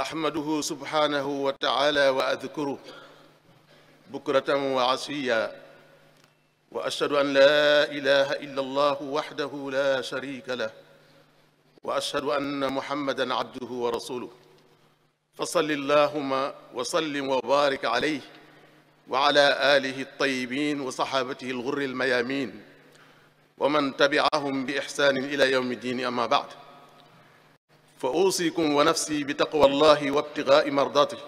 أحمده سبحانه وتعالى وأذكره بكرة وعشيا وأشهد أن لا إله إلا الله وحده لا شريك له وأشهد أن محمدا عبده ورسوله فصل اللهم وسلم وبارك عليه وعلى آله الطيبين وصحابته الغر الميامين ومن تبعهم بإحسان إلى يوم الدين أما بعد fa uusikum wa nafsi bi taqwa allahi wa ibtigaai mardatih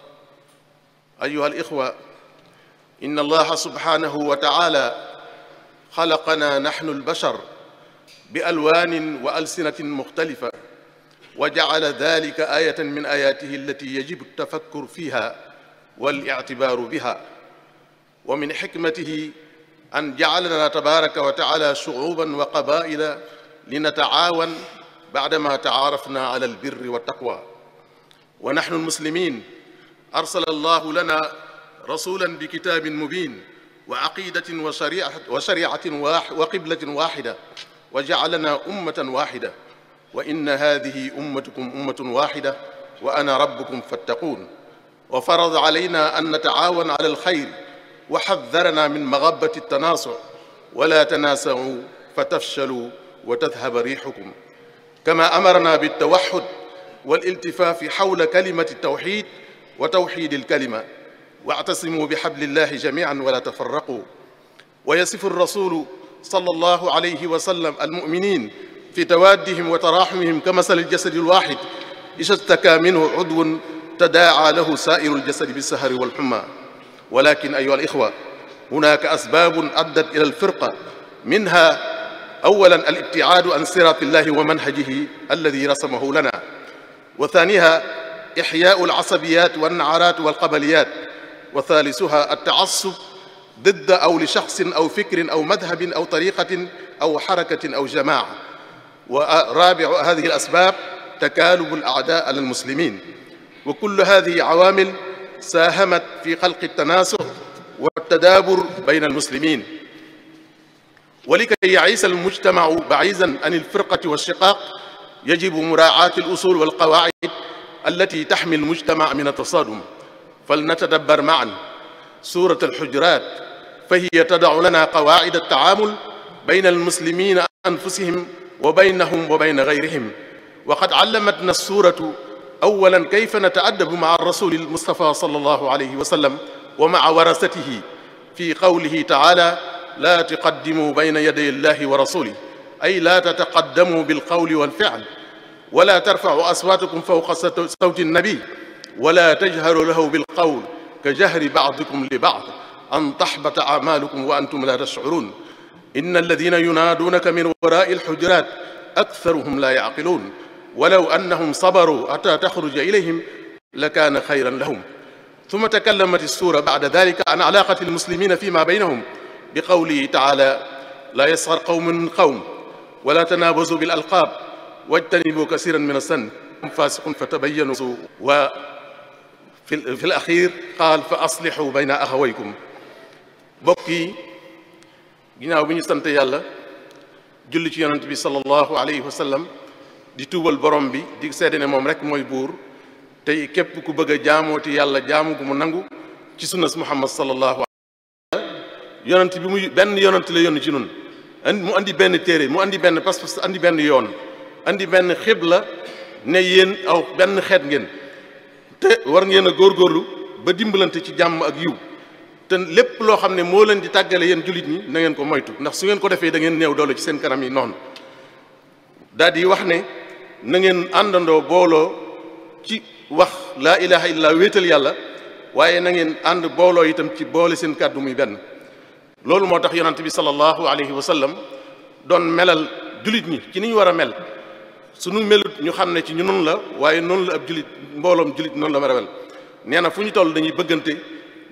ayuha alixwa in allaha subhanahu wa taala xalaqana naxnu albashar bi alwaanin wa alsinatin muxtalifa wa jacala dalika aayatan min ayaatihi allati yajibu altafakkur fiha walictibaaru biha wa min xikmatihi an jacalana tabaraka wa taala shucuuban wa qabaa'ila linatacaawan بعدما تعارفنا على البر والتقوى ونحن المسلمين أرسل الله لنا رسولا بكتاب مبين وعقيدة وشريعة, وشريعة واح وقبلة واحدة وجعلنا أمة واحدة وإن هذه أمتكم أمة واحدة وأنا ربكم فاتقون وفرض علينا أن نتعاون على الخير وحذرنا من مغبة التناصع ولا تناسعوا فتفشلوا وتذهب ريحكم kama amarna biltawaxud waliltifaafi xawla kalimati altawxid wa tawxid alkalima waactasimuu bixablillahi jamican wala tafaraquu wa yasifu alrasulu sal allahu alayhi wa sallam almuminin fi tawaddihim wa taraxumihim ka masali aljasadi alwaxid ida stakaa minhu cudwun tadaacaa lahu saairu aljasadi bilsahari walxuma walakin ayuha alixwa hunaka asbabun addat ila alfirqa minha أولا الابتعاد عن صراط الله ومنهجه الذي رسمه لنا وثانيها إحياء العصبيات والنعرات والقبليات وثالثها التعصب ضد أو لشخص أو فكر أو مذهب أو طريقة أو حركة أو جماعة ورابع هذه الأسباب تكالب الأعداء على المسلمين وكل هذه عوامل ساهمت في خلق التناسق والتدابر بين المسلمين ولكي يعيش المجتمع بعيدا عن الفرقة والشقاق يجب مراعاة الأصول والقواعد التي تحمي المجتمع من التصادم فلنتدبر معا سورة الحجرات فهي تضع لنا قواعد التعامل بين المسلمين أنفسهم وبينهم وبين غيرهم وقد علمتنا السورة أولا كيف نتأدب مع الرسول المصطفى صلى الله عليه وسلم ومع ورثته في قوله تعالى laa tuqaddimu bayna yaday llahi wa rasulih ay laa tataqaddamu bilqawli walfi'li wala tarfacu aswaatakum fawqa sawti nnabi wala tajharu lahu bilqawli ka jahri bacdikum li bacd an taxbata acmaalukum wa antum laa tashcuruun inna alladina yunaaduunaka min waraa'i lxujuraat aktaruhum laa yacqiluun walaw annahum sabaruu xataa taxruja ilayhim lakaana xayran lahum summa takallamat suura bacda dalika an calaaqati almuslimina fi ma baynahum bi qawlihi taala laa yasxar qawmun min qawm wala tanaabazu bil alqaab wajtanibu kasiran min asan faasiqun fa tabayyanu wa fi fi l axir qaal fa aslixu bayna axawaykum bokk yi ginnaaw bi ñu sant yàlla julli ci yonent bi sallallahu alayhi wa sallam di tuubal borom bi di seede ne moom rek mooy buur tey képp ku bëgg a jaamooti yàlla jaamu gu mu nangu ci sunnas muhammad sallallahu yonent bi muy benn yonent la yónni ci noonu mu indi benn téere mu indi benn pas-pas andi benn yoon indi benn la ne yéen aw benn xeet ngeen te war ngeen a góorgóorlu ba dimbalante ci jàmm ak yiw te lépp loo xam ne moo leen di tàggale yéen jullit ñi na ngeen ko moytu ndax su ngeen ko defee dangeen ngeen néew doole ci seen kanam yi noonu daal di wax ne nangeen àndandoo booloo ci wax laa ilaha illallah wéetal yàlla waaye na ngeen ànd booloo itam ci boole seen kàddu muy benn loolu moo tax yonante bi sallallahu alayhi wa sallam doon melal jullit ñi ci ni ñu war a mel sunu melut ñu xam ne ci ñu noonu la waaye noonu la ab jullit mbooloom jullit noonu la ma mel nee na fu ñu toll dañuy bëggante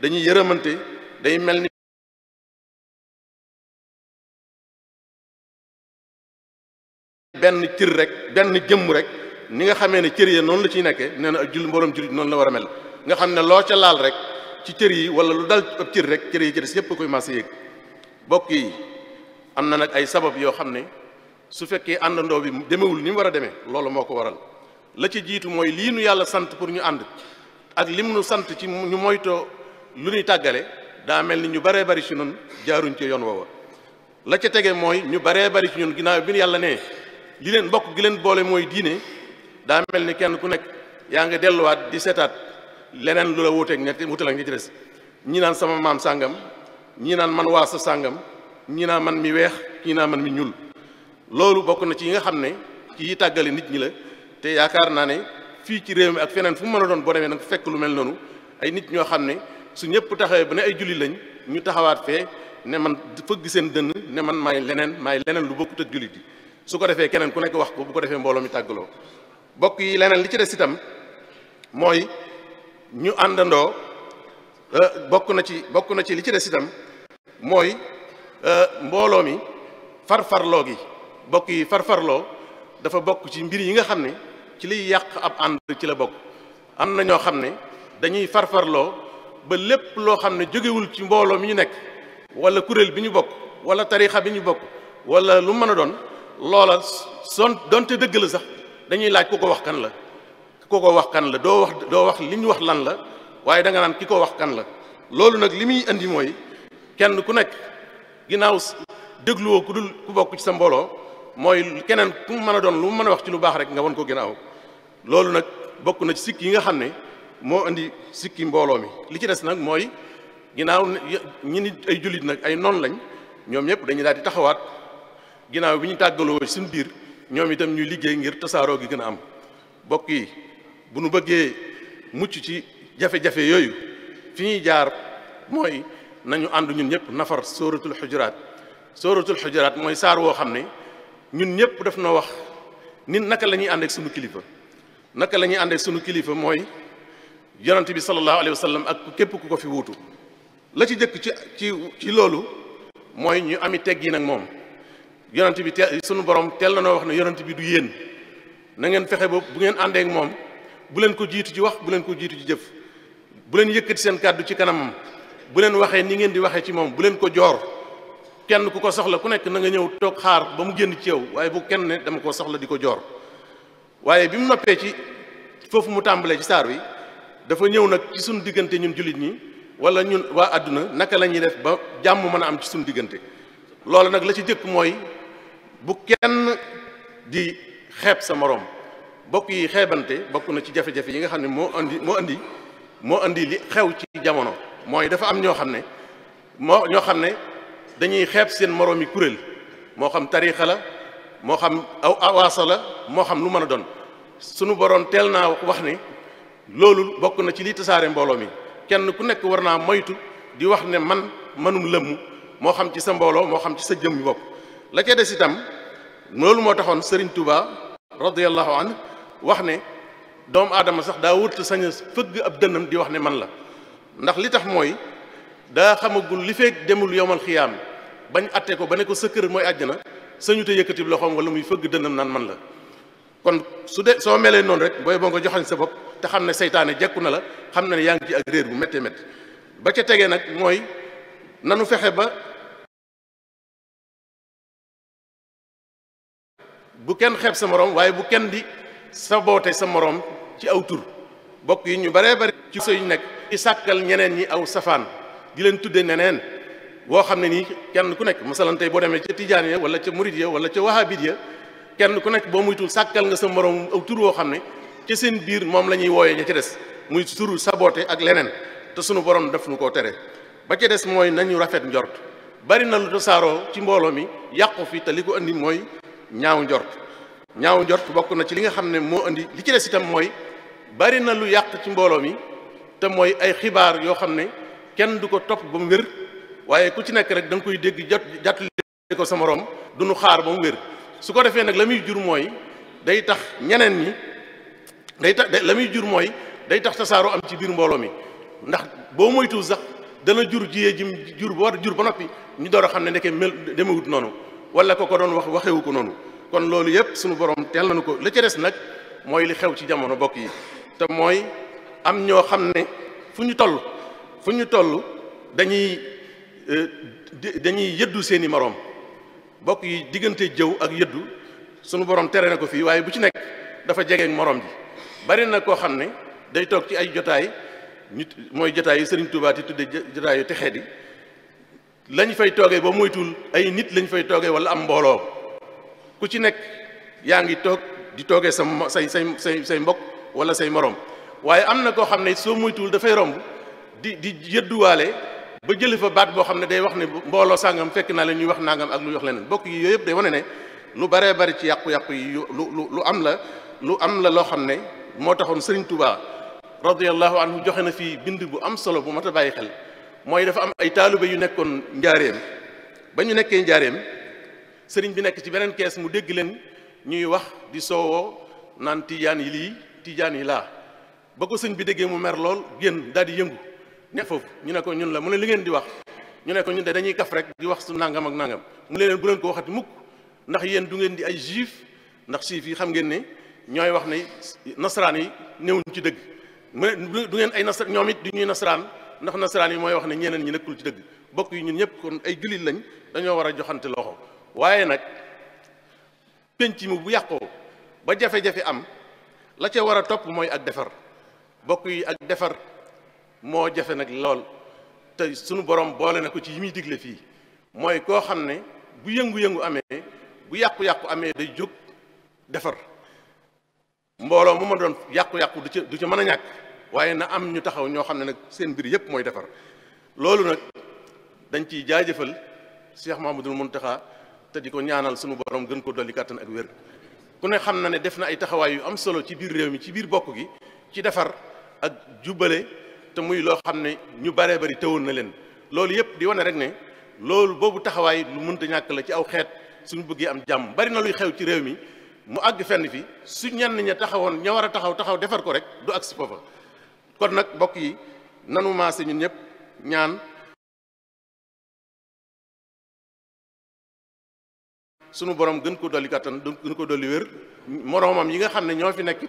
dañuy yërëmante day mel ni benn cër rek benn jëmm rek ni nga xamee ne cër ya noonu la ciy nekkee nee na ak jullit mbooloom noonu la war a mel nga xam ne loo ca laal rek ci cër yi wala lu dal ab cër rek cër yi ci des yépp koy maase yëg bokk yi am na nag ay sabab yoo xam ne su fekkee àndandoo bi demewul ni mu war a demee loolu moo ko waral la ci jiitu mooy lii nu yàlla sant pour ñu ànd ak lim nu sant ci ñu moytoo lu ñuy tàggale daa mel ni ñu baree bari ci noonu jaaruñ ci yoon woowa la ca tege mooy ñu baree bari ci ñun ginnaaw bi yàlla ne li leen bokk gi leen boole mooy diine daa mel ni kenn ku nekk yaa ngi delluwaat di seetaat leneen lu la wuuteeg ñetti wuutal ak ñi ci des ñi naan sama maam sàngam ñi naan man waa sa sàngam ñii naan man mi weex ñii naan man mi ñuul loolu bokk na ci yi nga xam ne kii tàggale nit ñi la te yaakaar naa ne fii ci réew mi ak feneen fu mu mën a doon boo demee nag fekk lu mel noonu ay nit ñoo xam ne su ñëpp taxawee ba ne ay julli lañ ñu taxawaat fee ne man fëgg seen dënn ne man maay leneen may leneen lu bokkut ak jullit yi su ko defee keneen ku nekk wax ko bu ko defee mbooloo tàggaloo bokk yi leneen li ci des itam mooy ñu àndandoo euh, bokk na ci bokk na ci li ci des itam mooy euh, mbooloo mi farfarloo gi bokk yi farfarloo dafa bokk ci mbir yi nga xam ne ci liy yàq ab ànd ci la bokk am na ñoo xam ne dañuy farfarloo ba lépp loo xam ne jógewul ci mbooloo mi ñu nekk wala kuréel bi ñu bokk wala tarixa bi ñu bokk wala lu mën a doon loola son donte dëgg la sax dañuy laaj ku ko wax kan la kooko wax kan la doo wax doo wax li ñu wax lan la waaye danga nga naan ki ko wax kan la loolu nag li muy indi mooy kenn ku nekk ginnaaw dégluwoo ku dul ku bokk ci sa mbooloo mooy keneen ku mën a doon lu mën a wax ci lu baax rek nga won ko ginnaaw loolu nag bokk na ci sikki yi nga xam ne moo indi sikki mbooloo mi li ci des nag mooy ginnaaw ñi nit ay jullit nag ay noon lañ ñoom ñëpp dañu daal di taxawaat ginnaaw bi ñu tàggaloo suñu biir ñoom itam ñuy liggéey ngir tasaaroo gi gën a am bokk yi bu nu bëggee mucc ci jafe-jafe yooyu fi ñuy jaar mooy nañu ànd ñun ñëpp nafar sóoratul xujuraat sóoratul xujuraat mooy saar woo xam ne ñun ñëpp def na wax ni naka lañuy àndeek ànd sunu kilifa naka lañuy ñuy sunu kilifa mooy yonante bi sallallahu alayhi wa sallam ak képp ku ko fi wuutu la ci jëkk ci ci ci loolu mooy ñu ami teg yi nag moom yonante bi te sunu borom teel na noo wax ne yonante bi du yéen na ngeen fexe boobu bu ngeen àndeek moom bu leen ko jiitu ci wax bu leen ko jiitu ci jëf bu leen yëkkati seen kàddu ci kanamam bu leen waxee ni ngeen di waxee ci moom bu leen ko joor kenn ku ko soxla ku nekk na nga ñëw toog xaar ba mu génn ci yow waaye bu kenn ne dama ko soxla di ko joor waaye bi mu noppee ci foofu mu tàmbalee ci saar wi dafa ñëw nag ci suñu diggante ñun jullit ñi wala ñun waa àdduna naka la ñuy def ba jàmm mën a am ci suñu diggante loolu nag la ci jëkk mooy bu kenn di xeeb sa moroom bokk yi xeebante bokk na ci jafe-jafe yi nga xam ne moo andi moo andi moo andi li xew ci jamono mooy dafa am ñoo xam ne moo ñoo xam ne dañuy xeeb seen moroomi kuréel moo xam tariixa la moo xam aw awaasa la moo xam lu mën a doon sunu boroom teel naa wax ne loolu bokk na ci li tasaare mbooloo mi kenn ku nekk war naa moytu di wax ne man mënum lëmm moo xam ci sa mbooloo moo xam ci sa jëm bopp la ca des itam loolu moo taxoon Serigne Touba radiyallahu anhu wax ne doomu aadama sax daa wërta sañ a fëgg ab dënnam di wax ne man la ndax li tax mooy daa xamagul li feek demul yomal xiyaam bañ atte ko ba ne ko sa kër mooy àjjana sañu te yëkkati loxoom wala muy fëgg dënnam naan man la kon su dee soo melee noonu rek booy boo nga joxañ sa bopp te xam ne seytaane jekku na la xam na ne yaa ngi ci ak réer bu méttee métti ba ca tegee nag mooy nanu fexe ba bu kenn xeet sa morom waaye bu kenn di saboote sa moroom ci aw tur bokk yi ñu baree bari ci sëñ nekk i sàkkal ñeneen ñi aw safaan di leen tudde neneen woo xam ne nii kenn ku nekk masalan tey boo demee ca tijaan ya wala ca murid ya wala ca wahabit ya kenn ku nekk boo muytul sàkkal nga sa moroom aw tur woo xam ne ca seen biir moom la ñuy wooyee ña ca des muy turu saboote ak leneen te sunu borom daf nu koo tere ba ca des mooy nañu rafet njort bari na lu tasaaroo ci mbooloo mi yàqu fi te li ko andi mooy ñaaw njort ñaaw njort bokk na ci li nga xam ne moo indi li ci des itam mooy bari na lu yàq ci mbooloo mi te mooy ay xibaar yoo xam ne kenn du ko topp ba mu wér waaye ku ci nekk rek da nga koy dégg jot jàttali ko sa morom du nu xaar ba mu wér su ko defee nag la muy jur mooy day tax ñeneen ñi day tax la muy jur mooy day tax tasaaroo am ci biir mbooloo mi ndax boo moytuwul sax dana jur jiyee jim jur ba war jur ba noppi ñu door a xam ne ndeke mel demewut noonu wala ko ko doon wax waxewu ko noonu kon loolu yëpp suñu borom teel nañu ko la ca des nag mooy li xew ci jamono bokk yi te mooy am ñoo xam ne fu ñu toll fu ñu toll dañuy euh, dañuy yëddu seen i moroom bokk yi diggante jëw ak yëddu sunu borom tere na ko fii waaye bu ci nekk dafa jegeeg moroom ji bari na koo xam ne day toog ci ay jotaay ñu mooy jotaay yi Serigne Touba ti tudde jotaay yu texee di lañu fay toogee ba moytul ay nit lañu fay toogee wala am mbooloo ku ci nekk yaa ngi toog di toogee sa say say say mbokk wala say morom waaye am na koo xam ne soo moytuwul dafay romb di di yëdduwaale ba jëli fa baat boo xam ne day wax ne mbooloo sàngam fekk naa la ñuy wax nangam ak lu wax leneen mbokk yi yooyu yëpp day wane ne lu baree bari ci yàqu-yàqu yi lu lu am la lu am la loo xam ne moo taxoon Sëriñ Tuubaa radiyallahu anhu joxe na fii bind bu am solo bu mat a bàyyi xel mooy dafa am ay taalibe yu nekkoon njaareem ba ñu nekkee njaareem sëriñ bi nekk ci beneen kees mu dégg leen ñuy wax di soowoo naan tiijaan yi lii tiijaan yi laa ba ko sëñ bi déggee mu mer lool génn daal di yëngu ne foofu ñu ne ko ñun la mu ne li ngeen di wax ñu ne ko ñun de dañuy kaf rek di wax su nangam ak nangam mu leen bu leen ko waxati mukk ndax yéen du ngeen di ay juif ndax juif yi xam ngeen ni ñooy wax ne nasaraan yi néewuñ ci dëgg mu ne du ngeen ay nas ñoom it du ñuy nasaraan ndax nasaraan yi mooy wax ne ñeneen ñi nekkul ci dëgg bokk yi ñun ñëpp kon ay jullit lañ dañoo war joxante loxo waaye nag penc mi bu yàqoo ba jafe-jafe am la ca war a topp mooy ak defar bokk yi ak defar moo jafe nag lool tey sunu borom boole na ko ci yi muy digle fii mooy koo xam ne bu yëngu-yëngu amee bu yàqu-yàqu amee day jóg defar mbooloo mu ma doon yàqu-yàqu du ca du ca mën a ñàkk waaye na am ñu taxaw ñoo xam ne nag seen mbir yépp mooy defar loolu nag dañ ciy jaajëfal Cheikh Mouhamadoul Mountakha te di ko ñaanal sunu borom gën ko dolli kàttan ak wér ku ne xam na ne def na ay taxawaay yu am solo ci biir réew mi ci biir bokk gi ci defar ak jubale te muy loo xam ne ñu baree bari tewoon na leen loolu yëpp di wane rek ne loolu boobu taxawaay lu mënta ñàkk la ci aw xeet suñu bëggee am jàmm bari na luy xew ci réew mi mu àgg fenn fi su ñenn ña taxawoon ña war a taxaw taxaw defar ko rek du agsi foofa kon nag bokk yi nanu maase ñun ñëpp ñaan sunu borom gën ko dolli kattan gën ko dolli wér moroomam yi nga xam ne ñoo fi nekk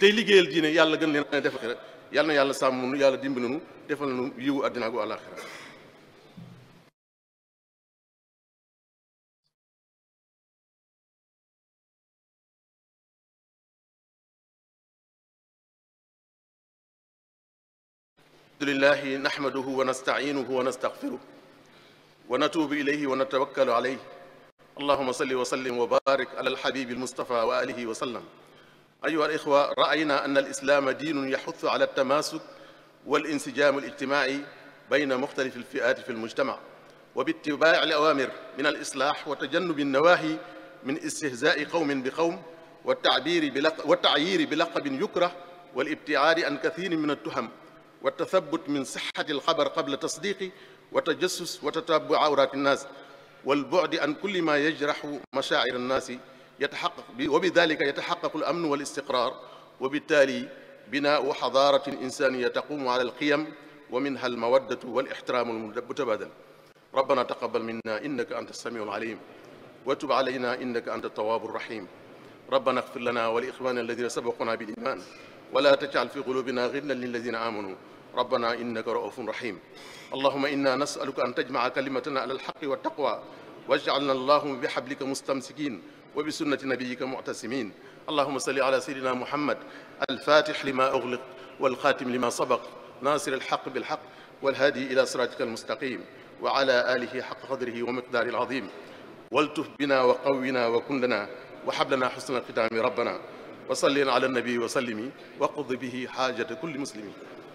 tey liggéeyal diine yàlla gën leen a defal rek yàlla na yàlla sàmm nu yàlla dimbali nu defal nu yiwu àddina gu àllaaxira alhamdulillahi nahmaduhu wa nasta'inuhu wa nastaghfiruh wa natubu ilayhi wa natawakkalu alayhi اللهم صل وسلم وبارك على الحبيب المصطفى وآله وسلم أيها الإخوة رأينا أن الإسلام دين يحث على التماسك والانسجام الاجتماعي بين مختلف الفئات في المجتمع وباتباع الأوامر من الإصلاح وتجنب النواهي من استهزاء قوم بقوم والتعبير بلق... والتعيير بلقب يكره والابتعاد عن كثير من التهم والتثبت من صحة الخبر قبل تصديقه وتجسس وتتبع عورات الناس والبعد عن كل ما يجرح مشاعر الناس يتحقق وبذلك يتحقق الأمن والاستقرار وبالتالي بناء حضارة إنسانية تقوم على القيم ومنها المودة والاحترام المتبادل ربنا تقبل منا إنك أنت السميع العليم وتب علينا إنك أنت التواب الرحيم ربنا اغفر لنا ولإخواننا الذين سبقونا بالإيمان ولا تجعل في قلوبنا غلا للذين آمنوا ربنا إنك رؤوف رحيم اللهم إنا نسألك أن تجمع كلمتنا على الحق والتقوى واجعلنا اللهم بحبلك مستمسكين وبسنة نبيك معتصمين اللهم صل على سيدنا محمد الفاتح لما أغلق والخاتم لما سبق ناصر الحق بالحق والهادي إلى صراطك المستقيم وعلى آله حق قدره ومقداره العظيم والتف بنا وقونا وكن لنا وحب لنا حسن الختام ربنا وصل على النبي وسلم وقض به حاجة كل مسلم